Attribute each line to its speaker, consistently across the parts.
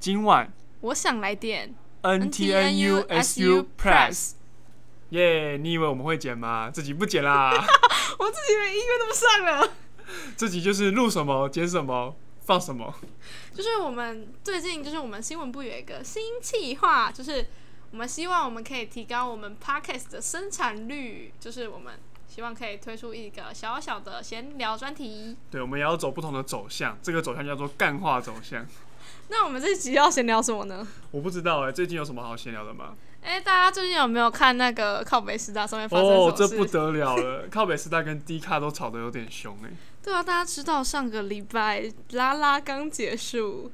Speaker 1: 今晚
Speaker 2: 我想來點
Speaker 1: N T N U S U Press，耶！Yeah, 你以為我們會剪嗎？自己不剪啦， 我自
Speaker 2: 己連音樂都不上了。
Speaker 1: 自己就是錄什麼剪什麼放什麼。
Speaker 2: 就是我們最近，就是我們新聞部有一個新企劃，就是我們希望我們可以提高我們 Podcast 的生產率，就是我們希望可以推出一個小小的閒聊專題。
Speaker 1: 對，我們也要走不同的走向，這個走向叫做乾化走向。
Speaker 2: 那我們這集要閒聊什麼呢？
Speaker 1: 我不知道哎、欸，最近有什麼好閒聊的嗎？
Speaker 2: 哎、欸，大家最近有沒有看那個靠北師大上面發生什麼哦，哦？這不得
Speaker 1: 了了， 靠北師大跟 D 卡都吵得有點兇哎、欸。
Speaker 2: 對啊，大家知道上個禮拜啦啦剛結束，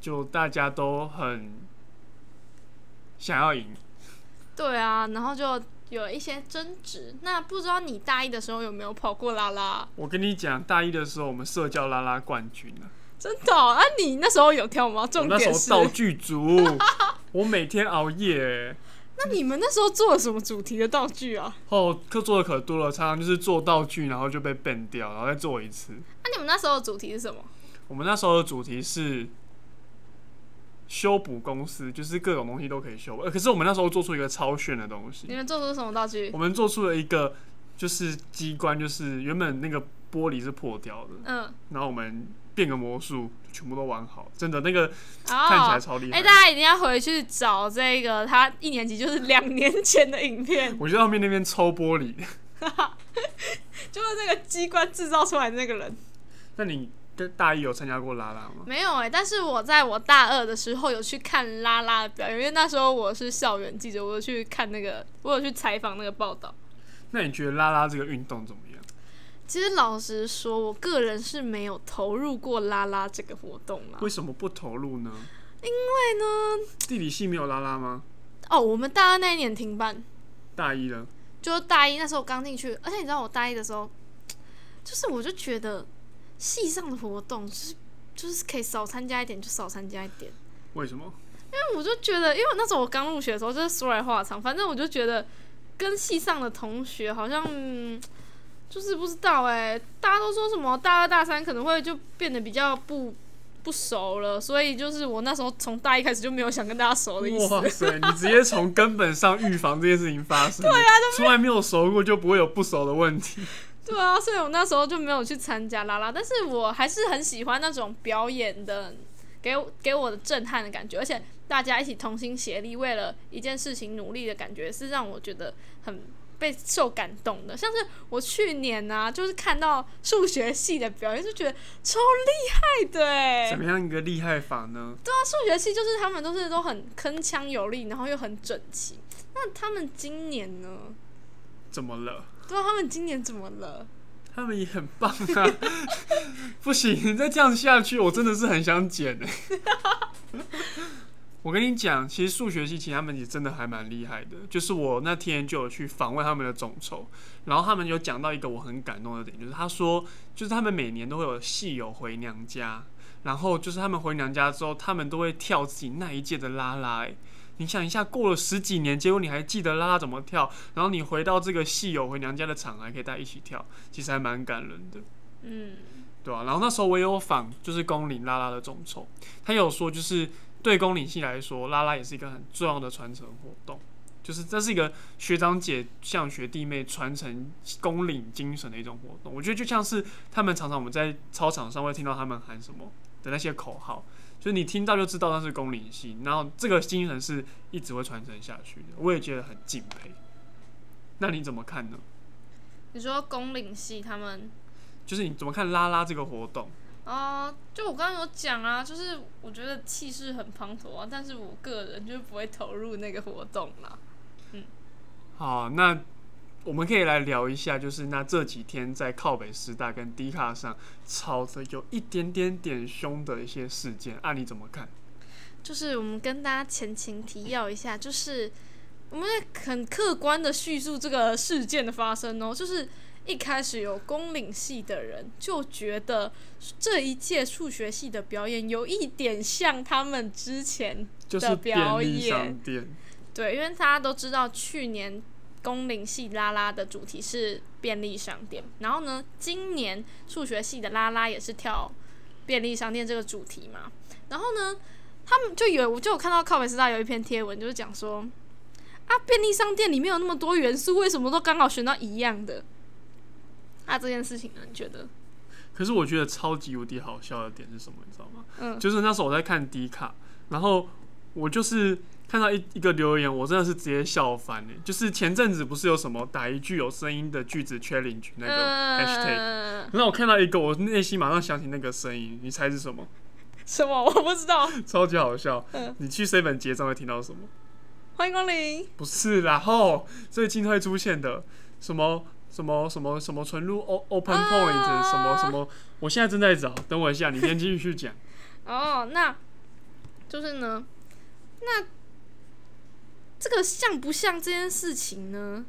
Speaker 1: 就大家都很想要贏。
Speaker 2: 對啊，然後就有一些爭執。那不知道你大一的時候有沒有跑過啦啦？
Speaker 1: 我跟你講，大一的時候我們社教啦啦冠軍
Speaker 2: 真的、喔、啊！你那時候有跳嗎？重點是我那時候道具
Speaker 1: 組， 我每天熬夜、欸。
Speaker 2: 那你們那時候做了什麼主題的道具啊？
Speaker 1: 哦，課做的可多了，常常就是做道具，然後就被 ban 掉，然後再做一次。那、
Speaker 2: 啊、你們那時候的主題是什麼？
Speaker 1: 我們那時候的主題是修補公司，就是各種東西都可以修補。可是我們那時候做出一個超炫的東西。你們
Speaker 2: 做出了什麼道具？我
Speaker 1: 們做出了一個就是機關，就是原本那個。玻璃是破掉的，嗯，然後我們變個魔術，全部都完好，真的，那個、
Speaker 2: 哦、看起來超厲害。哎、欸，大家一定要回去找這個，他一年級就是兩年前的影片。
Speaker 1: 我覺得後面那邊抽玻璃，哈
Speaker 2: 哈，就是那個機關製造出來的那個人。
Speaker 1: 那你大一有參加過拉拉嗎？
Speaker 2: 沒有哎、欸，但是我在我大二的時候有去看拉拉的表演，因為那時候我是校園記者，我有去看那個，我有去採訪那個報道。
Speaker 1: 那你覺得拉拉這個運動怎麼樣？
Speaker 2: 其實老實說，我個人是沒有投入過啦啦這個活動啦。
Speaker 1: 為什麼不投入呢？因為呢，地理系沒有啦啦嗎？
Speaker 2: 哦，我們大二那一年停辦。
Speaker 1: 大一了？
Speaker 2: 就大一那時候剛進去，而且你知道，我大一的時候，就是我就覺得系上的活動就是就是可以少參加一點就少參加一點。為什麼？因為我就覺得，因為那時候我剛入學的時候，就是說來話長，反正我就覺得跟系上的同學好像、嗯。就是不知道哎、欸，大家都說什麼大二大三可能會就變得比較不不熟了，所以就是我那時候從大一開始就沒有想跟大家熟的意思。哇塞，你直接
Speaker 1: 從根本上預防這件事情發生。 對啊，從來沒有熟過，就不會有不熟的問題。
Speaker 2: 對啊，所以我那時候就沒有去參加啦啦，但是我還是很喜歡那種表演的，給給我的震撼的感覺，而且大家一起同心協力為了一件事情努力的感覺，是讓我覺得很。被受感動的，像是我去年啊，就是看到數學系的表演，就覺得超厲害的欸。怎麼
Speaker 1: 樣一個厲害法呢？
Speaker 2: 對啊，數學系就是他們都是都很鏗鏘有力，然後又很整齊。那他們今年呢？
Speaker 1: 怎麼了？
Speaker 2: 對啊，他們今年怎麼了？他們也很棒啊！
Speaker 1: 不行，你再這樣下去，我真的是很想剪欸。 我跟你講，其實數學系其實他們也真的還蠻厲害的。就是我那天就有去訪問他們的總籌，然後他們有講到一個我很感動的點，就是他說，就是他們每年都會有系友回娘家，然後就是他們回娘家之後，他們都會跳自己那一屆的拉拉欸。你想一下，過了十幾年，結果你還記得拉拉怎麼跳，然後你回到這個系友回娘家的場，還可以大家一起跳，其實還蠻感人的。嗯，對啊，然後那時候我也有訪就是公領拉拉的總籌，他有說就是。對公領系來說，拉拉也是一個很重要的傳承活動，就是這是一個學長姐向學弟妹傳承公領精神的一種活動。我覺得就像是他們常常我們在操場上會聽到他們喊什麼的那些口號，就是你聽到就知道那是公領系，然後這個精神是一直會傳承下去的。我也覺得很敬佩。那你怎麼看呢？
Speaker 2: 你說公領系他們，
Speaker 1: 就是你怎麼看拉拉這個活動？
Speaker 2: 啊，uh, 就我剛剛有講啊，就是我覺得氣勢很磅礴啊，但是我個人就是不會投入那個活動啦、啊。
Speaker 1: 嗯，好，那我們可以來聊一下，就是那這幾天在靠北師大跟 D 卡上吵得有一點點點兇的一些事件，啊，你怎麼看？
Speaker 2: 就是我們跟大家前情提要一下，就是我們很客觀的敘述這個事件的發生哦，就是。一開始有公領系的人就覺得這一屆數學系的表演有一點像他們之前的表演。對，因為大家都知道去年公領系啦啦的主題是便利商店，然後呢，今年數學系的啦啦也是跳便利商店這個主題嘛。然後呢，他們就有我就有看到靠北斯大有一篇貼文，就是講說啊，便利商店裡面有那麼多元素，為什麼都剛好選到一樣的？那這件事情呢？你覺得？
Speaker 1: 可是我覺得超級無敵好笑的點是什麼？你知道嗎？嗯、呃。就是那時候我在看 D 卡，然後我就是看到一一個留言，我真的是直接笑翻嘞、欸。就是前陣子不是有什麼打一句有聲音的句子 challenge、呃、那個 hashtag、呃、那我看到一個，我內心馬上想起那個聲音，你猜是什麼？什麼？我不知道。超級好笑。嗯、呃。你去 seven 結賬會聽到什麼？
Speaker 2: 歡迎光臨。
Speaker 1: 不是，然後最近會出現的什麼？什麼什麼什麼存入 O open point 什麼什麼？我現在正在找，等我一下，你先繼續講。
Speaker 2: 哦、 oh,，那就是呢，那這個像不像這件事情呢？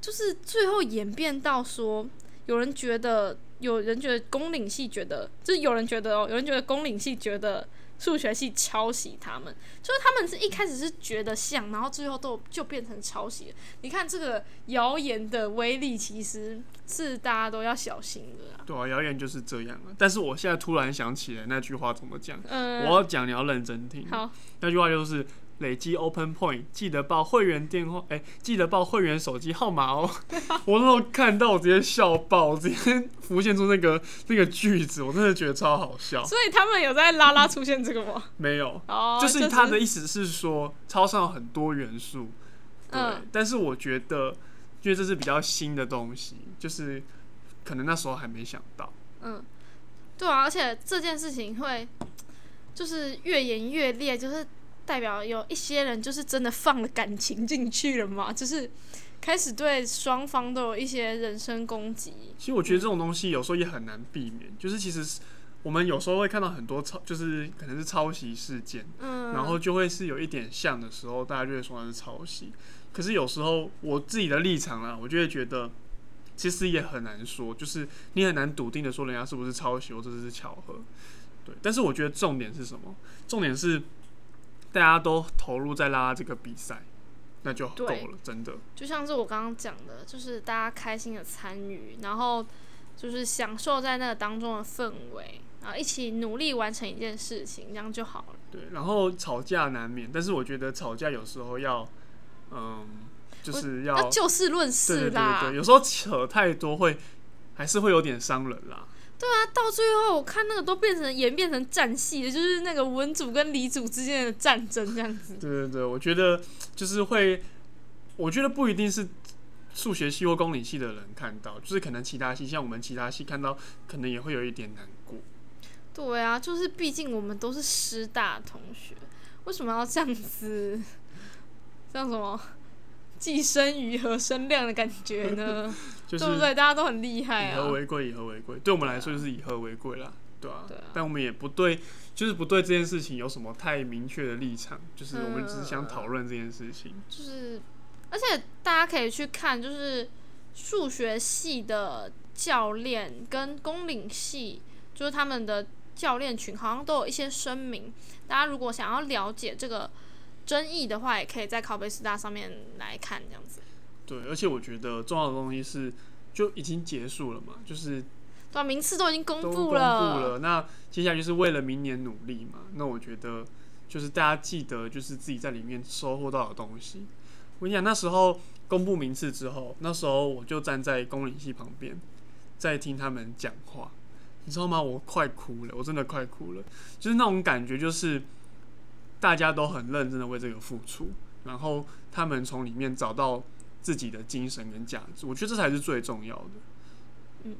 Speaker 2: 就是最後演變到說，有人覺得，有人覺得公領系覺得，就是有人覺得哦，有人覺得公領系覺得。數學系抄襲他們，就是他們是一開始是覺得像，然後最後都就變成抄襲。你看這個謠言的威力，其實是大家都要小心的
Speaker 1: 啊。對啊，謠言就是這樣啊。但是我現在突然想起來那句話怎麼講？嗯，我要講你要認真聽。好，那句話就是。累積 OPEN POINT，記得報會員電話，哎、欸，記得報會員手機號碼哦、喔。 我那時候看到，我直接笑爆，我直接浮現出那個那個句子，我真的覺得超好笑。所
Speaker 2: 以他們有在啦啦出現這個嗎？
Speaker 1: 沒有，oh, 就是他的意思是說，就是、超商很多元素，
Speaker 2: 對，
Speaker 1: 嗯，但是我覺得，因為這是比較新的東西，就是可能那時候還沒想到。嗯，
Speaker 2: 對啊，而且這件事情會就是越演越烈，就是。代表有一些人就是真的放了感情進去了嘛，就是開始對雙方都有一些人身攻擊。其實我覺得這
Speaker 1: 種東西有時候也很難避免，嗯、就是其實我們有時候會看到很多抄，就是可能是抄襲事件，嗯，然後就會是有一點像的時候，大家就會說它是抄襲。可是有時候我自己的立場啦、啊，我就會覺得其實也很難說，就是你很難篤定的說人家是不是抄襲，或者是巧合。對，但是我覺得重點是什麼？重點是。大家都投入在拉，拉這個比賽，那就夠了，對真的。
Speaker 2: 就像是我剛剛講的，就是大家開心的參與，然後就是享受在那當中的氛圍，然後一起努力完成一件事情，這樣就好了。
Speaker 1: 對，然後吵架難免，但是我覺得吵架有時候要，嗯，就是要就事論事吧，對，對，對，對，有時候扯太多會還是會有點傷人啦。
Speaker 2: 對啊，到最後我看那個都變成演變成戰系了，就是那個文組跟理組之間的戰爭這樣子。
Speaker 1: 對對對，我覺得就是會，我覺得不一定是數學系或公領系的人看到，就是可能其他系像我們其他系看到，可能也會有一點難過。
Speaker 2: 對啊，就是畢竟我們都是師大同學，為什麼要這樣子？像什麼？既生瑜，何生亮的感覺呢？
Speaker 1: 對不對？大
Speaker 2: 家都很厲害。以和為
Speaker 1: 貴，以和為貴，對我們來說就是以和為貴啦，對啊對啊。但我們也不對，就是不對這件事情有什麼太明確的立場，就是我們只是想討論這件事情。
Speaker 2: 就是，而且大家可以去看，就是數學系的教練跟公領系，就是他們的教練群，好像都有一些聲明。大家如果想要了解這個，爭議的話，也可以在靠北師大上面來看，這樣子。
Speaker 1: 對，而且我覺得重要的東西是，就已經結束了嘛，就是
Speaker 2: 對，名次都已經公布了。公布
Speaker 1: 了，那接下來就是為了明年努力嘛。那我覺得，就是大家記得，就是自己在裡面收穫到的東西。我跟你講，那時候公布名次之後，那時候我就站在公領系旁邊，在聽他們講話，你知道嗎？我快哭了，我真的快哭了，就是那種感覺，就是。大家都很認真的為這個付出，然後他們從裡面找到自己的精神跟價值，我覺得這才是最重要的。
Speaker 2: 嗯，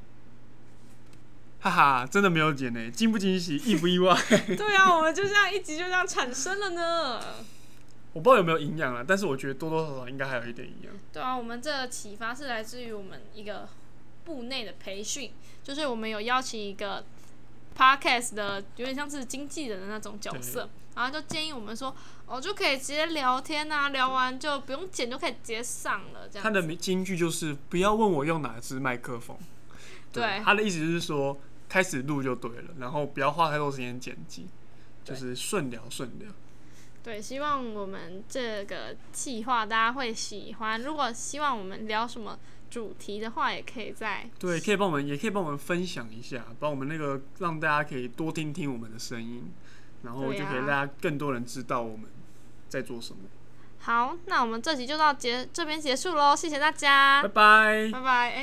Speaker 1: 哈哈，真的沒有剪呢，驚不驚喜，意不意外？
Speaker 2: 對啊，我們就這樣一集就這樣產生了呢。我不
Speaker 1: 知道有沒有營養啊，但是我覺得多多少少應該還有一點營養。對
Speaker 2: 啊，我們這啟發是來自於我們一個部內的培訓，就是我們有邀請一個。Podcast 的有點像是經紀人的那種角色，對然後就建議我們說，哦，就可以直接聊天啊，聊完就不用剪，就可以直接上了，這樣他
Speaker 1: 的金句就是不要問我用哪支麥克風，
Speaker 2: 對，對他的
Speaker 1: 意思就是說，開始錄就對了，然後不要花太多時間剪輯，對就是順聊順聊。
Speaker 2: 對，希望我們這個企劃大家會喜歡。如果希望我們聊什麼主題的話，也可以在
Speaker 1: 對，可以幫我們，也可以幫我們分享一下，幫我們那個讓大家可以多聽聽我們的聲音，然後就可以讓大家更多人知道我們在做什麼。
Speaker 2: 啊、好，那我們這集就到結這邊結束嘍，謝謝大家，拜拜 bye，拜拜。